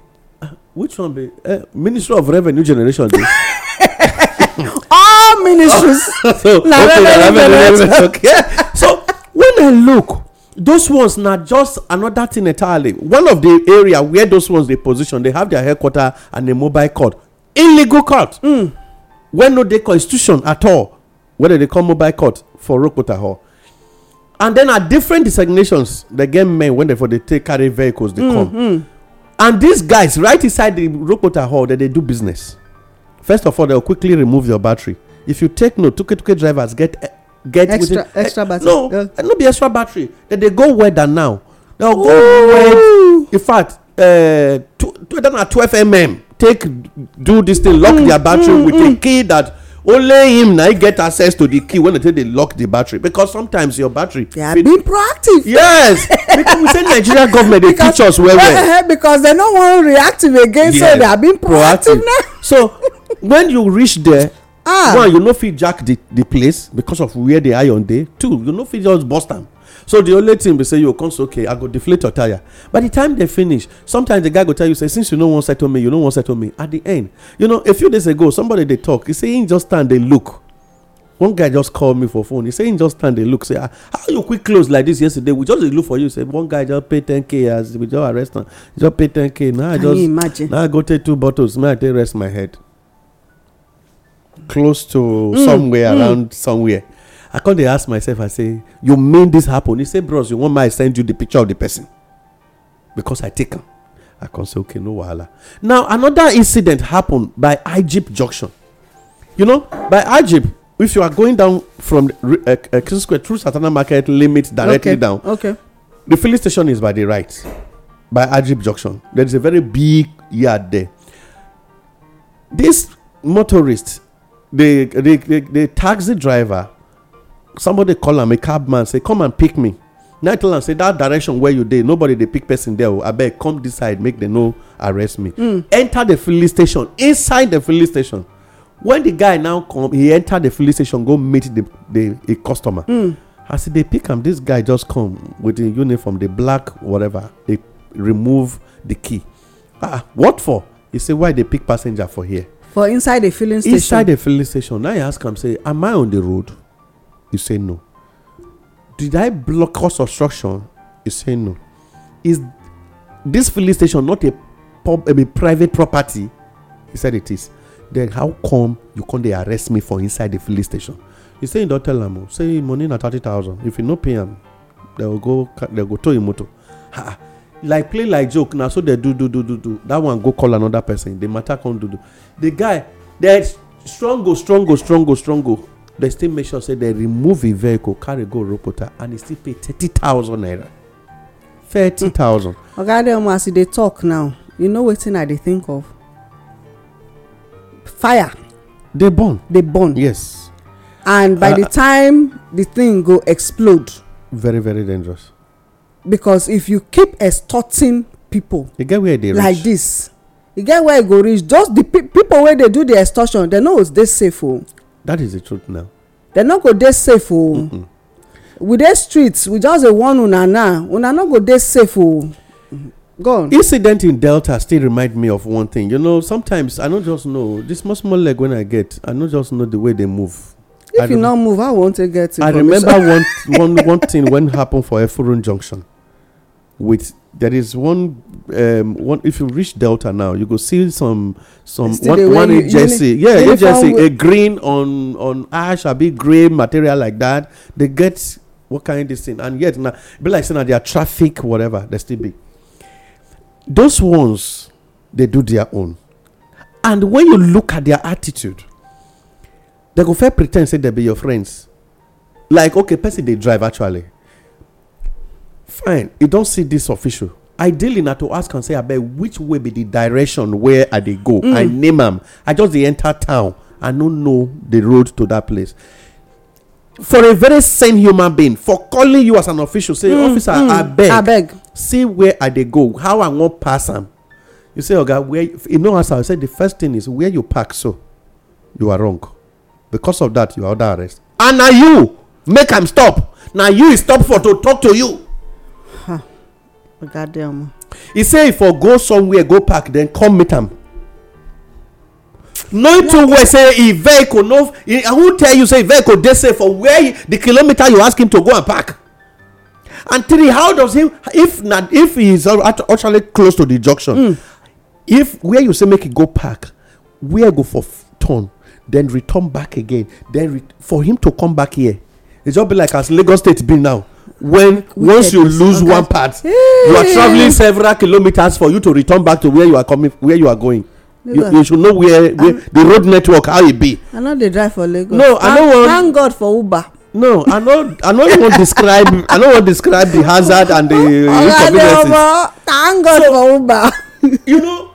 which one be uh, Ministry of Revenue Generation dey. all ministries. so, na revenue generation. okay. and look those ones na just another thing entirely one of the area where those ones dey position they have their headquarter and a mobile court illegal court hmm. wey no dey constitution at all wey dem dey call mobile court for rokota hall and then at different designations they get men wey dem for dey take carry vehicles dey mm. Hmm. and these guys right inside the rokota hall dem dey do business first of all dem quickly remove your battery if you take note tuketuke drivers get get extra within, eh, extra battery no it'll eh, be extra battery dem dey go weather now dem go wed in fact dem eh, na 12mm take do this thing lock mm, their battery mm, with a mm. key that only him na get access to the key when they take dey lock the battery because sometimes your battery they are being proactive yes because we say nigeria government dey teach us well well because dem no wan reactive again so they are being proactive now so when you reach there ah one you no fit jack the the place because of where the iron dey two you no fit just burst am so the only thing be say you come say okay i go deflate your tyre. by the time they finish sometimes the guy go tell you say since you no wan settle me you no wan settle me at the end you know a few days ago somebody dey talk he say him just stand dey look one guy just call me for phone he say him just stand dey look say ah how you quick close like this yesterday we just dey look for you say one guy just pay ten k as we just arrest am just pay ten k now i just now i go take two bottles make i take rest my head close to mm. somewhere mm. around somewhere i come dey ask myself i say you mean this happen he say bros you want me i send you the picture of the person because i take am i come say okay no wahala now another incident happen by ijip junction you know by ijip if you are going down from uh, uh, Christian Square through Satana Market limit directly okay. down. Okay. The filling station is by the right, by Ajib Junction. There is a very big yard there. This motorist The the the they taxi driver somebody call am a cabman say come and pick me now tell am say that direction where you dey nobody dey pick person there o oh. abeg come this side make dem no arrest me mm. enter the filling station inside the filling station when the guy now come he enter the filling station go meet the the a customer mm. as he dey pick am this guy just come with him uniform the black whatever dey remove the key ah what for he say why dey pick passenger for here for inside a filling station inside a filling station now you ask am say am i on the road you say no did i block cause obstruction you say no is this filling station not a pub a private property he said it is then how come you come dey arrest me for inside the filling station he say he don tell am o say him money na thirty thousand if he no pay am dem go They go tow him motor ha like play like joke na so dey do do do do do that one go call another person the matter come do do the guy dey strong go strong go strong go strong go dey still make sure say dey remove him vehicle carry go ropota and he still pay thirty thousand naira thirty thousand. oga adeomo as you dey talk now you know wetin i dey think of fire. dey burn. dey burn. yes. and by uh, the time the thing go explode. very very dangerous because if you keep extorting people e get where e dey reach like this e get where e go reach just the pe people wey dey do the extortion dem no go dey safe o. Oh. that is the truth now. dem no go dey safe o. Oh. Mm -mm. we dey street we just dey warn una now una no go dey safe o. Oh. gone. incident in delta still remind me of one thing you know sometimes i no just know this small small leg when i get i no just know the way they move. if I you no move how i wan take get information. i remember one one one thing when happen for efurun junction with there is one um, one if you reach delta now you go see some some Still one, one agency yeah agency a green on on ash a big gray material like that they get what kind of this thing and yet now be like saying that their traffic whatever they still be those ones they do their own and when you look at their attitude they go fair pretend say they be your friends like okay person they drive actually fine you don see this official ideally na to ask am say abeg which way be the direction where i dey go mm. i name am i just dey enter town i no know the road to that place for a very sane human being for calling you as an official say mm, officer mm, abeg see where i dey go how i wan pass am you say oga where you no answer i say the first thing is where you park so you are wrong because of that you are under arrest and na you make am stop na you e stop for to talk to you ogademu He say e for go somewhere go park then come meet am knowing too well say e vehicle no who tell you say e vehicle dey safe for where the kilometer you ask him to go and park and three how does he if na if he is actually close to the junction mm. if where you say make e go park where go for turn then return back again then for him to come back here e just be like as lagos state be now when once you lose one part you are traveling several kilometers for you to return back to where you are coming where you are going you you should know where where the road network how e be i no dey drive for lagos no i no wan thank god for uber no i no i no wan describe i no wan describe the hazard and the inconveniences thank god for uber you know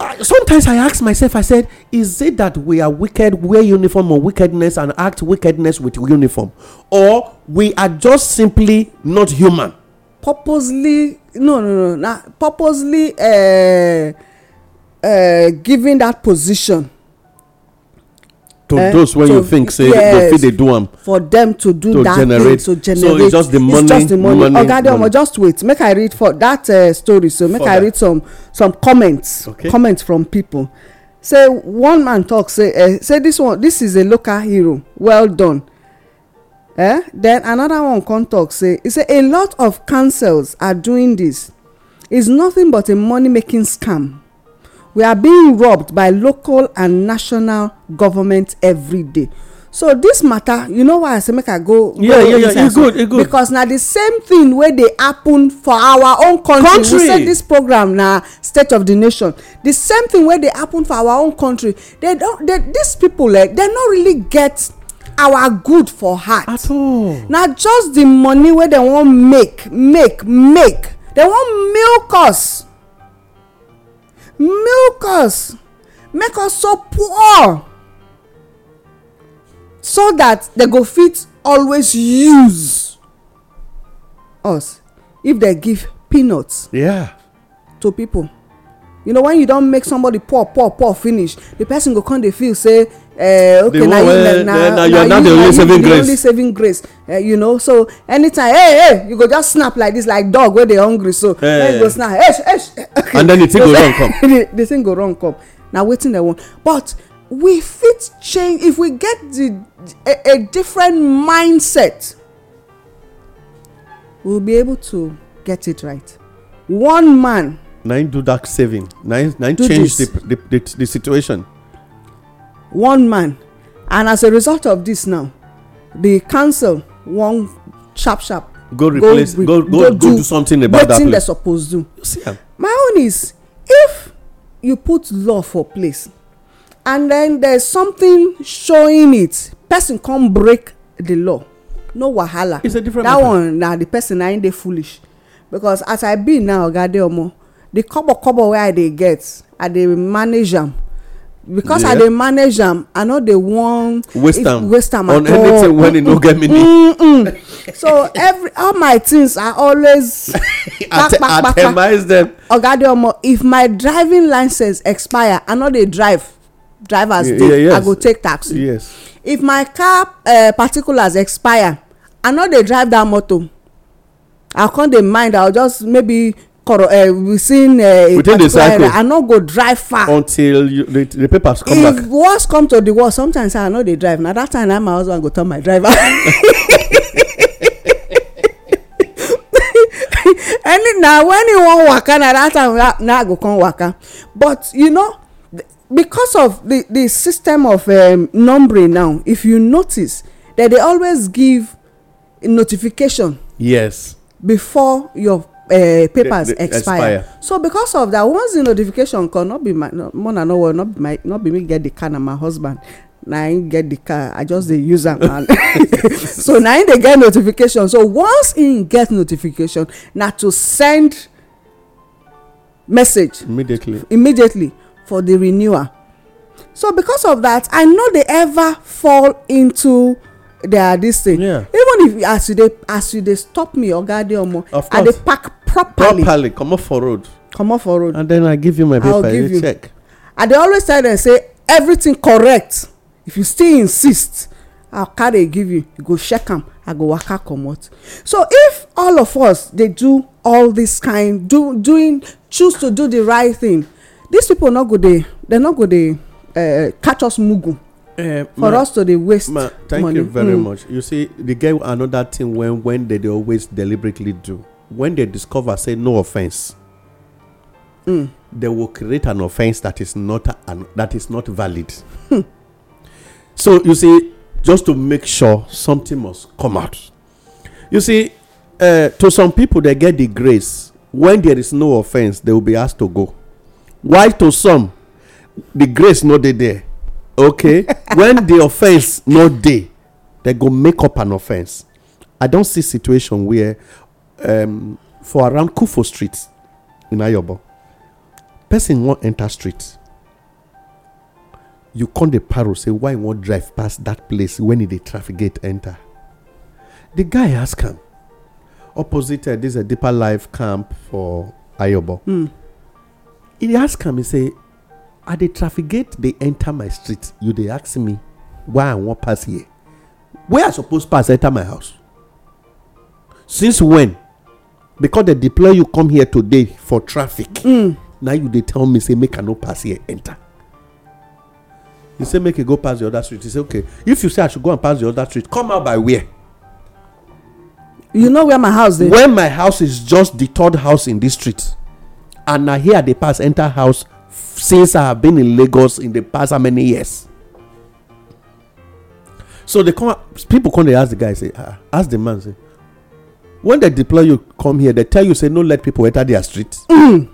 I, uh, sometimes I ask myself, I said, is it that we are wicked, wear uniform or wickedness and act wickedness with uniform? Or we are just simply not human? Purposely, no, no, no, nah, purposely uh, uh, giving that position to eh, those wey you think say go fit dey do am for them to do dat thing to generate so it's just the money oga adeomo just wait make i read for dat eh, story so make i read some some comments comments from people. say one man tok say eh, say dis one This is a local hero well done eh then another one come tok say say a lot of councils are doing this. It's nothing but a money making scam we are being robbed by local and national government every day so this matter you know why i say make i go yeah yeah yeah e good e good because na the same thing wey dey happen for our own country we say this program na state of the nation the same thing wey dey happen for our own country they don these people eh they no really get our good for heart at all na just the money wey dem wan make make make dem wan milk us milk us make us so poor so that dem go fit always use us if they give peanuts yeah, to people you know when you don make somebody poor poor poor finish the person go come dey feel say Eh, uh, okay now you na you na the only saving grace only eh, you know so anytime hey hey you go just snap like this like dog wey dey hungry so hey eh. you go snap hey hey and then the thing go wrong come the thing go wrong come na wetin dem want but we fit change if we get the a, a different mindset we'll be able to get it right one man na him do that saving na him change the, the the the situation one man and as a result of this now the council wan sharp sharp go replace go go do something about that place wetin dem suppose do my own is if you put law for place and then there's something showing it person come break the law no wahala it's a different that matter. one na the person na him dey foolish because as i be now oga adeomo the kobo kobo wey i dey get i dey manage am because i dey manage am i no dey wan waste am on anything when e no get meaning so every all my things i always itemize dem ogade omo if my driving license expire i no dey drive drive as yes. i go take taxi yes if my car eh, particulars expire i no dey drive that motor i con dey mind i just maybe Coro, eh, within eh, a cycle i no go drive far until the the papers come back if worse come to the worst sometimes i no dey drive na that time na my husband go turn my driver any na when he wan waka na that time na i go come waka but you know because of the the system of um, numbering now if you notice dem dey always give notification yes before your Uh, papers the, the expire. expire so because of that once the notification come no be my more na no well no be my not be me get the car and my husband Now I get the car i just the user man. so now they get notification so once in get notification now to send message immediately immediately for the renewal so because of that i know they ever fall into their this thing yeah. even if as you dey as you dey stop me or more, of course, i they pack properly properly comot for road comot for road and then i give you my paper you check i dey always tell dem say everything correct if you still insist i carry give you you go check am i go waka comot so if all of us dey do all this kind do doing choose to do the right thing these people no go dey they no go dey eh, catch us mugu eh, for us to dey waste money thank you very mm. much you see the get another thing when when they dey always deliberately do when they discover say no offense mm. they will create an offense that is not an, that is not valid hmm. so you see just to make sure something must come out you see uh, to some people they get the grace when there is no offense they will be asked to go Why to some the grace no dey there okay when the offense no dey they go make up an offense i don see situation where um, for around Kufo Street in Ayobo, person won't enter street. You con the paro say why won't drive past that place when the traffic gate enter. The guy ask him, opposite uh, this a deeper life camp for Ayobo. Mm. He ask him, he say, at the traffic gate they enter my street. You they ask me why I won't pass here. Where I supposed pass enter my house? Since when because dem deploy you come here today for traffic mm. Now you dey tell me say make i no pass here enter you say make you go pass the other street you say okay if you say i should go and pass the other street come out by where you know where my house dey where my house is just the third house in this street and na here i dey pass enter house since i have been in lagos in the past how many years so they come people come dey ask the guy say ah, ask the man say when they deploy you come here they tell you say no let people enter their street mm.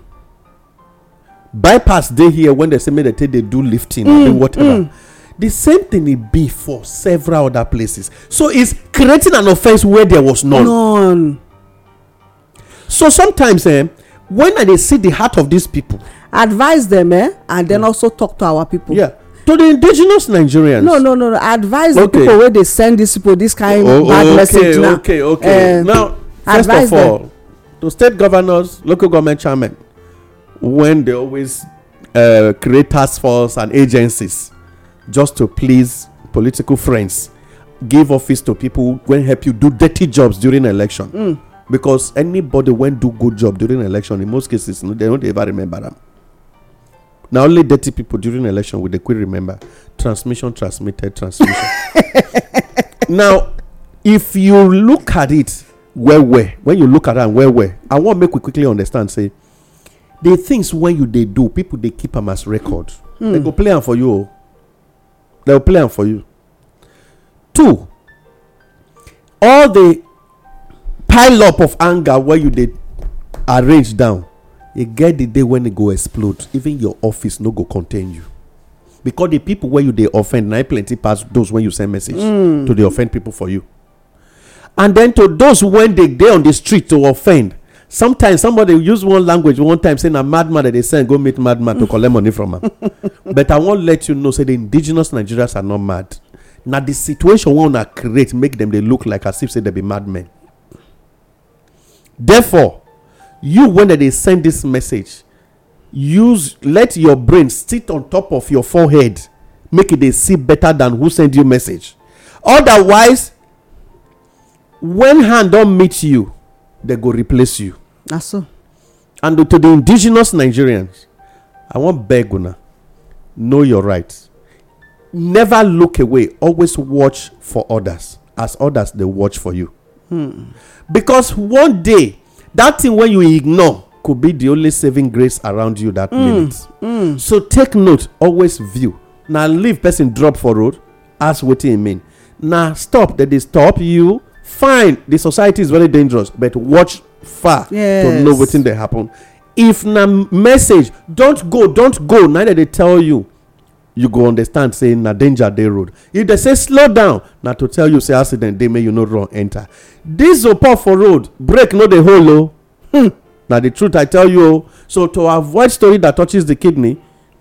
bypass dey here when they say make they take dey do lifting mm. or whatever mm. the same thing e be for several other places so it's creating an offence where there was none. none. so sometimes eh, when i dey see the heart of these people. advise them eh, and then mm. also talk to our people. Yeah. to the indigenous nigerians. no no no no advise okay. the people wey dey send these people this kind oh, bad okay, message now. okay okay um, now First of all, them. to state governors, local government chairmen, when they always uh, create task force and agencies just to please political friends, give office to people when help you do dirty jobs during election. Mm. Because anybody when do good job during election, in most cases, they don't ever remember them. Now only dirty people during election will they quick remember transmission, transmitted, transmission. now, if you look at it, where where when you look at them where where i want make we quickly understand say the things when you they do people they keep them as record hmm. they go play for you oh. they will go play for you two all the pile up of anger where you did arrange down e get the day when they go explode even your office no go contain you because the people where you they offend I plenty pass those when you send message hmm. to the offend people for you and then to those when they dey on the street to offend sometimes somebody use one language one time say na madman that dey send go meet madman to collect money from am but i wan let you know say the indigenous nigerians are not mad na the situation wey una create make dem dey look like as if say dem be madmen therefore you when dem dey send this message use let your brain sit on top of your forehead make e dey see better than who send you message otherwise when hand don meet you they go replace you na so and to the indigenous nigerians i wan beg una know your rights never look away always watch for others as others dey watch for you hmm. because one day that thing wey you ignore could be the only saving grace around you that hmm. minute mm. so take note always view na leave person drop for road ask wetin e mean na stop dem dey stop you fine the society is very dangerous but watch far yes. to know wetin dey happen if na message don't go don't go na dey tell you you go understand say na danger dey road if dey say slow down na to tell you say accident dey make you no run enter this zopo for road break no dey hold o oh. hmm. na the truth i tell you o oh. so to avoid story that touches the kidney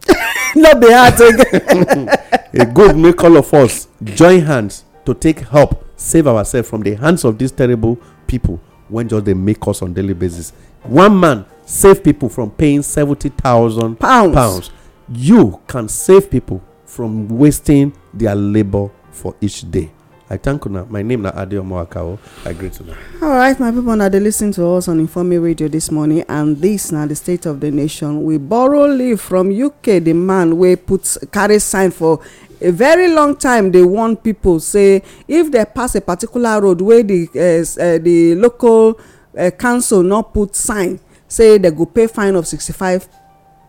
no be hard again a good make all of us join hands to take help save ourselves from the hands of these terrible people when just they make us on daily basis one man save people from paying 70000 pounds. pounds you can save people from wasting their labor for each day i thank you now. my name na adeomo akao i greet you. All right, my people na dey lis to us on informe radio this morning and this now the state of the nation we borrow leave from uk the man wey put carry sign for a very long time dey warn people say if dem pass a particular road wey the uh, uh, the local uh, council no put sign say dem go pay fine of sixty five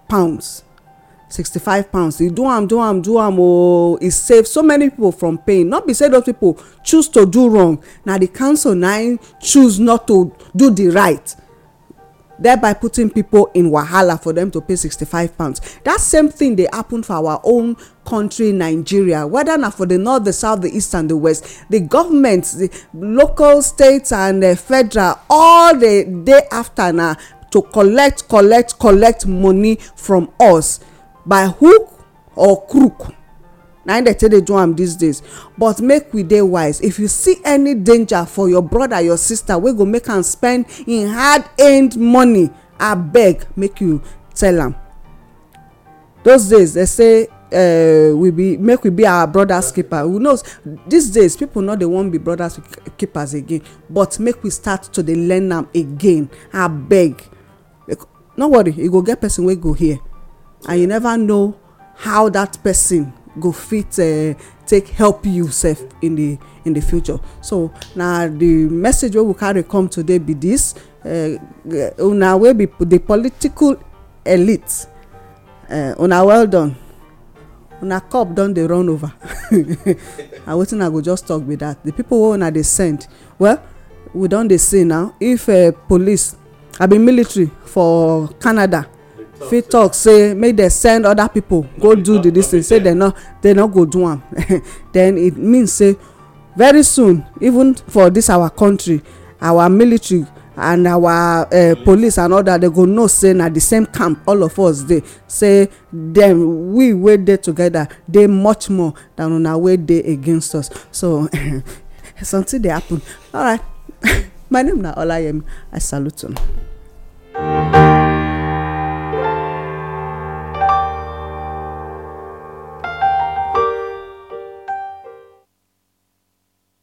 pounds sixty five pounds e do am do am do am Oh, e save so many people from pain. not be say those people choose to do wrong na the council na choose not to do the right thereby putting people in wahala for them to pay sixty-five pounds that same thing dey happen for our own country nigeria whether na for the north the south the east and the west the government the local state and eh, federal all the day after na to collect collect collect money from us by hook or crook na im dey take dey do am um, these days but make we dey wise if you see any danger for your brother your sister wey go make am spend im hard earned money abeg make you tell am those days dey say eh, we be make we be our brothers keeper Who knows? these days people no dey wan be brothers keepers again but make we start to dey learn am again abeg no worry you go get person wey go hear and you never know how that person go fit eh, take help you sef in the in the future so na the message wey we carry come today be this eh, una wey be the political elite eh, una well done una cup don dey run over na wetin i go just talk be that the people wey una dey send well we don dey see now if police i be military for canada fit talk say make dem send other people go do the dis thing say dem no no go do am then it mean say very soon even for this our country our military and our eh, police and other dat go know say na the same camp all of us dey say dem we wey dey together dey much more than una wey dey against us so something dey happen alright my name na olayemi i salute una.